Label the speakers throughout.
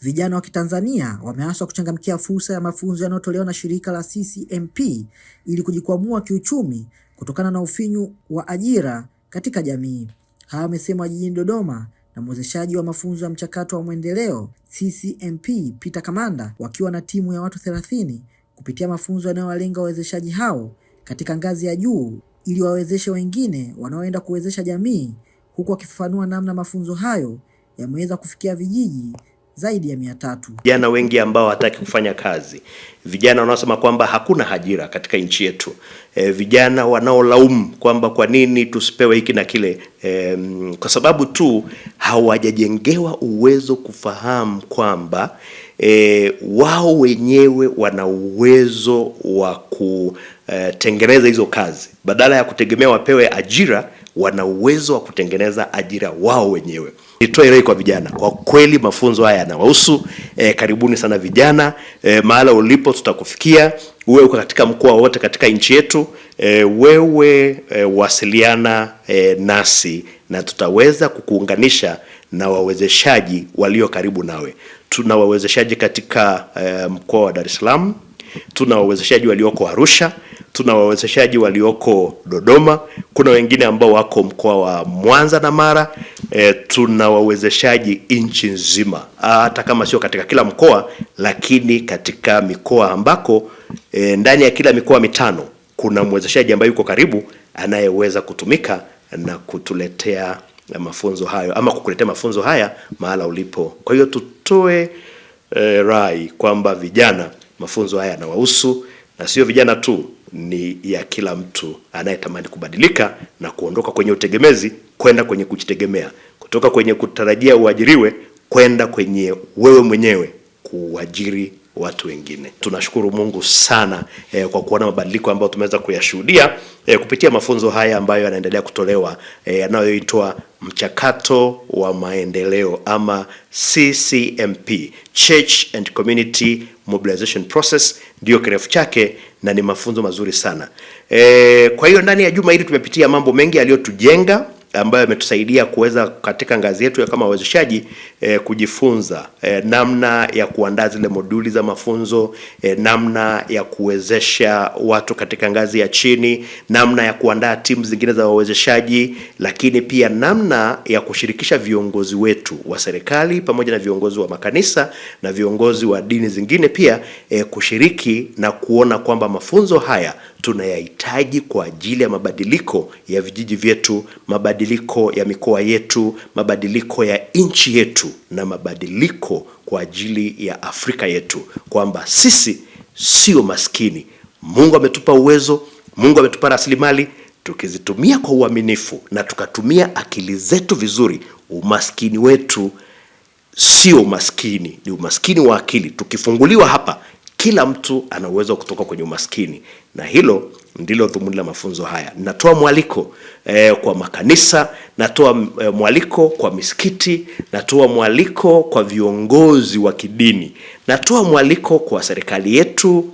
Speaker 1: Vijana wa Kitanzania wameaswa kuchangamkia fursa ya mafunzo yanayotolewa na shirika la CCMP ili kujikwamua kiuchumi kutokana na ufinyu wa ajira katika jamii. Haya wamesema jijini Dodoma na mwezeshaji wa mafunzo ya mchakato wa mwendeleo CCMP Peter Kamanda wakiwa na timu ya watu thelathini kupitia mafunzo yanayowalenga wawezeshaji hao katika ngazi ya juu ili wawezeshe wengine wanaoenda kuwezesha jamii huku wakifafanua namna mafunzo hayo yameweza kufikia vijiji zaidi ya mia tatu.
Speaker 2: Vijana wengi ambao hawataki kufanya kazi, vijana wanaosema kwamba hakuna ajira katika nchi yetu, e, vijana wanaolaumu kwamba kwa nini tusipewe hiki na kile, e, kwa sababu tu hawajajengewa uwezo kufahamu kwamba e, wao wenyewe wana uwezo wa kutengeneza hizo kazi, badala ya kutegemea wapewe ajira, wana uwezo wa kutengeneza ajira wao wenyewe. Nitoe rai kwa vijana, kwa kweli mafunzo haya yanawahusu. E, karibuni sana vijana e, mahala ulipo tutakufikia. Uwe uko katika mkoa wote katika nchi yetu e, wewe e, wasiliana e, nasi na tutaweza kukuunganisha na wawezeshaji walio karibu nawe. Tuna wawezeshaji katika e, mkoa wa Dar es Salaam, tuna wawezeshaji walioko Arusha, tuna wawezeshaji walioko Dodoma, kuna wengine ambao wako mkoa wa Mwanza na Mara e, eh, tuna wawezeshaji nchi nzima, hata kama sio katika kila mkoa, lakini katika mikoa ambako e, ndani ya kila mikoa mitano kuna mwezeshaji ambaye yuko karibu anayeweza kutumika na kutuletea mafunzo hayo ama kukuletea mafunzo haya mahala ulipo. Kwa hiyo tutoe e, rai kwamba vijana mafunzo haya yanawahusu na sio vijana tu ni ya kila mtu anayetamani kubadilika na kuondoka kwenye utegemezi kwenda kwenye kujitegemea, kutoka kwenye kutarajia uajiriwe kwenda kwenye wewe mwenyewe kuajiri watu wengine. Tunashukuru Mungu sana eh, kwa kuona mabadiliko ambayo tumeweza kuyashuhudia eh, kupitia mafunzo haya ambayo yanaendelea kutolewa eh, yanayoitwa eh, mchakato wa maendeleo ama CCMP, Church and Community Mobilization Process ndiyo kirefu chake na ni mafunzo mazuri sana eh. Kwa hiyo ndani ya juma hili tumepitia mambo mengi yaliyotujenga ambayo yametusaidia kuweza katika ngazi yetu ya kama wawezeshaji e, kujifunza e, namna ya kuandaa zile moduli za mafunzo e, namna ya kuwezesha watu katika ngazi ya chini, namna ya kuandaa timu zingine za wawezeshaji, lakini pia namna ya kushirikisha viongozi wetu wa serikali pamoja na viongozi wa makanisa na viongozi wa dini zingine pia e, kushiriki na kuona kwamba mafunzo haya tunayahitaji kwa ajili ya mabadiliko ya vijiji vyetu mabadiliko mabadiliko ya mikoa yetu, mabadiliko ya nchi yetu na mabadiliko kwa ajili ya Afrika yetu, kwamba sisi sio maskini. Mungu ametupa uwezo, Mungu ametupa rasilimali. Tukizitumia kwa uaminifu na tukatumia akili zetu vizuri, umaskini wetu sio umaskini, ni umaskini wa akili. Tukifunguliwa hapa kila mtu ana uwezo wa kutoka kwenye umaskini, na hilo ndilo dhumuni la mafunzo haya. Natoa mwaliko eh, kwa makanisa, natoa eh, mwaliko kwa misikiti, natoa mwaliko kwa viongozi wa kidini, natoa mwaliko kwa serikali yetu,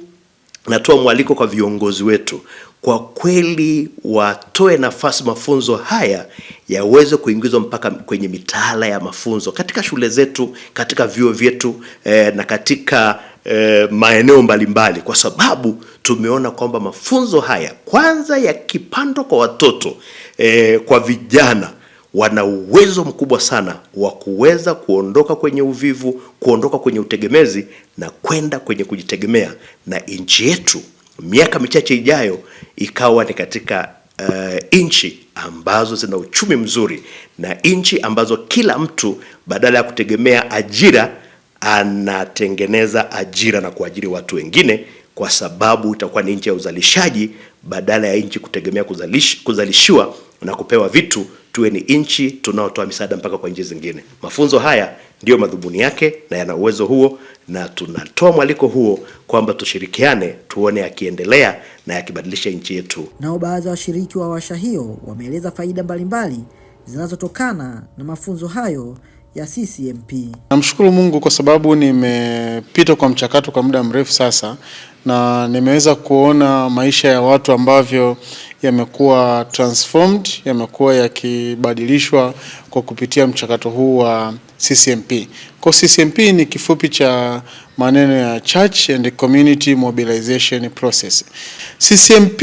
Speaker 2: natoa mwaliko kwa viongozi wetu, kwa kweli watoe nafasi mafunzo haya yaweze kuingizwa mpaka kwenye mitaala ya mafunzo katika shule zetu, katika vyuo vyetu eh, na katika eh, maeneo mbalimbali, kwa sababu tumeona kwamba mafunzo haya kwanza yakipandwa kwa watoto eh, kwa vijana wana uwezo mkubwa sana wa kuweza kuondoka kwenye uvivu, kuondoka kwenye utegemezi na kwenda kwenye kujitegemea, na nchi yetu miaka michache ijayo ikawa ni katika uh, nchi ambazo zina uchumi mzuri na nchi ambazo kila mtu badala ya kutegemea ajira anatengeneza ajira na kuajiri watu wengine, kwa sababu itakuwa ni nchi ya uzalishaji badala ya nchi kutegemea kuzalish, kuzalishiwa na kupewa vitu. Tuwe ni nchi tunaotoa misaada mpaka kwa nchi zingine. Mafunzo haya ndiyo madhumuni yake na yana uwezo huo, na tunatoa mwaliko huo kwamba tushirikiane, tuone yakiendelea na yakibadilisha nchi yetu.
Speaker 1: Nao baadhi ya washiriki wa washa hiyo wameeleza faida mbalimbali zinazotokana na mafunzo hayo ya CCMP.
Speaker 3: Namshukuru Mungu kwa sababu nimepita kwa mchakato kwa muda mrefu sasa na nimeweza kuona maisha ya watu ambavyo yamekuwa transformed, yamekuwa yakibadilishwa kwa kupitia mchakato huu wa CCMP. Kwa CCMP ni kifupi cha maneno ya Church and Community Mobilization Process. CCMP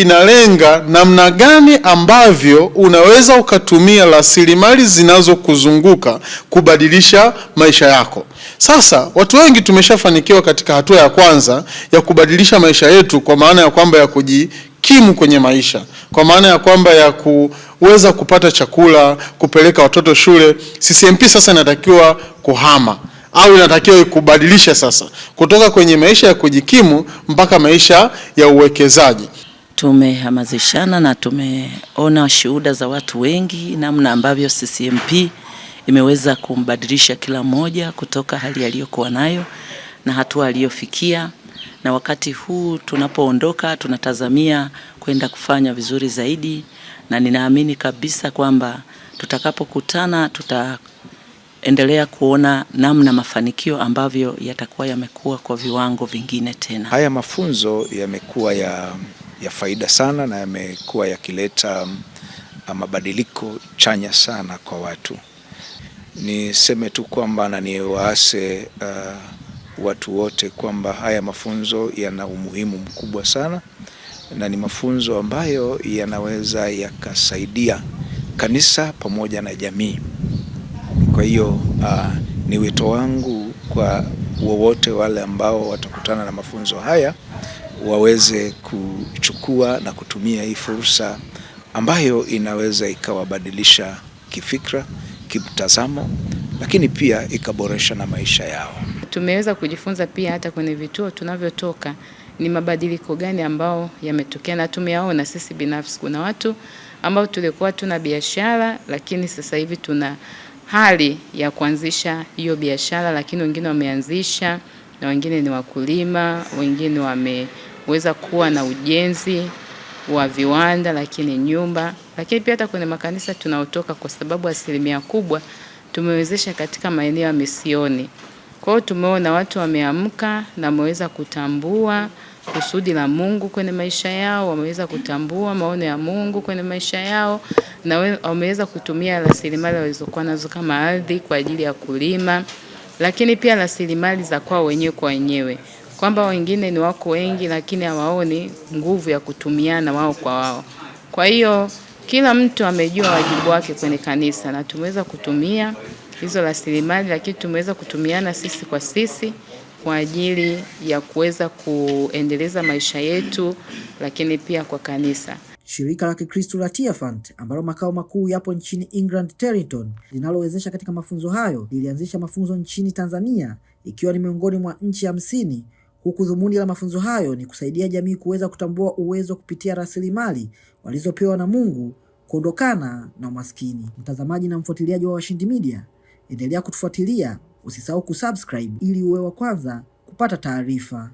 Speaker 3: inalenga namna gani ambavyo unaweza ukatumia rasilimali zinazokuzunguka kubadilisha maisha yako. Sasa watu wengi tumeshafanikiwa katika hatua ya kwanza ya kubadilisha maisha yetu, kwa maana ya kwamba ya kujikimu kwenye maisha, kwa maana ya kwamba ya kuweza kupata chakula, kupeleka watoto shule. CCMP sasa inatakiwa kuhama au inatakiwa kubadilisha sasa kutoka kwenye maisha ya kujikimu mpaka maisha ya uwekezaji
Speaker 4: tumehamazishana na tumeona shuhuda za watu wengi, namna ambavyo CCMP imeweza kumbadilisha kila mmoja kutoka hali aliyokuwa nayo na hatua aliyofikia, na wakati huu tunapoondoka tunatazamia kwenda kufanya vizuri zaidi, na ninaamini kabisa kwamba tutakapokutana tutaendelea kuona namna mafanikio ambavyo yatakuwa yamekuwa kwa viwango vingine tena.
Speaker 5: Haya mafunzo yamekuwa ya ya faida sana na yamekuwa yakileta um, mabadiliko chanya sana kwa watu. Niseme tu kwamba na niwaase uh, watu wote kwamba haya mafunzo yana umuhimu mkubwa sana na ni mafunzo ambayo yanaweza yakasaidia kanisa pamoja na jamii. Kwa hiyo uh, ni wito wangu kwa wowote wale ambao watakutana na mafunzo haya waweze kuchukua na kutumia hii fursa ambayo inaweza ikawabadilisha kifikra, kimtazamo, lakini pia ikaboresha na maisha yao.
Speaker 6: Tumeweza kujifunza pia hata kwenye vituo tunavyotoka ni mabadiliko gani ambao yametokea, na tumeyaona sisi binafsi. Kuna watu ambao tulikuwa tuna biashara, lakini sasa hivi tuna hali ya kuanzisha hiyo biashara, lakini wengine wameanzisha na wengine ni wakulima, wengine wame kuweza kuwa na ujenzi wa viwanda, lakini nyumba, lakini pia hata kwenye makanisa tunaotoka, kwa sababu asilimia kubwa tumewezesha katika maeneo ya misioni. Kwa hiyo tumeona watu wameamka na wameweza kutambua kusudi la Mungu kwenye maisha yao, wameweza kutambua maono ya Mungu kwenye maisha yao, na wameweza kutumia rasilimali walizokuwa nazo kama ardhi kwa ajili ya kulima, lakini pia rasilimali za kwao wenyewe kwa wenyewe kwamba wengine ni wako wengi, lakini hawaoni nguvu ya kutumiana wao kwa wao. Kwa hiyo kila mtu amejua wajibu wake kwenye kanisa na tumeweza kutumia hizo rasilimali, lakini tumeweza kutumiana sisi kwa sisi kwa ajili ya kuweza kuendeleza maisha yetu, lakini pia kwa kanisa.
Speaker 1: Shirika la Kikristo la Tearfund ambalo makao makuu yapo nchini England Territon, linalowezesha katika mafunzo hayo lilianzisha mafunzo nchini Tanzania ikiwa ni miongoni mwa nchi hamsini huku dhumuni la mafunzo hayo ni kusaidia jamii kuweza kutambua uwezo kupitia rasilimali walizopewa na Mungu kuondokana na umaskini. Mtazamaji na mfuatiliaji wa Washindi Media, endelea kutufuatilia, usisahau kusubscribe ili uwe wa kwanza kupata taarifa.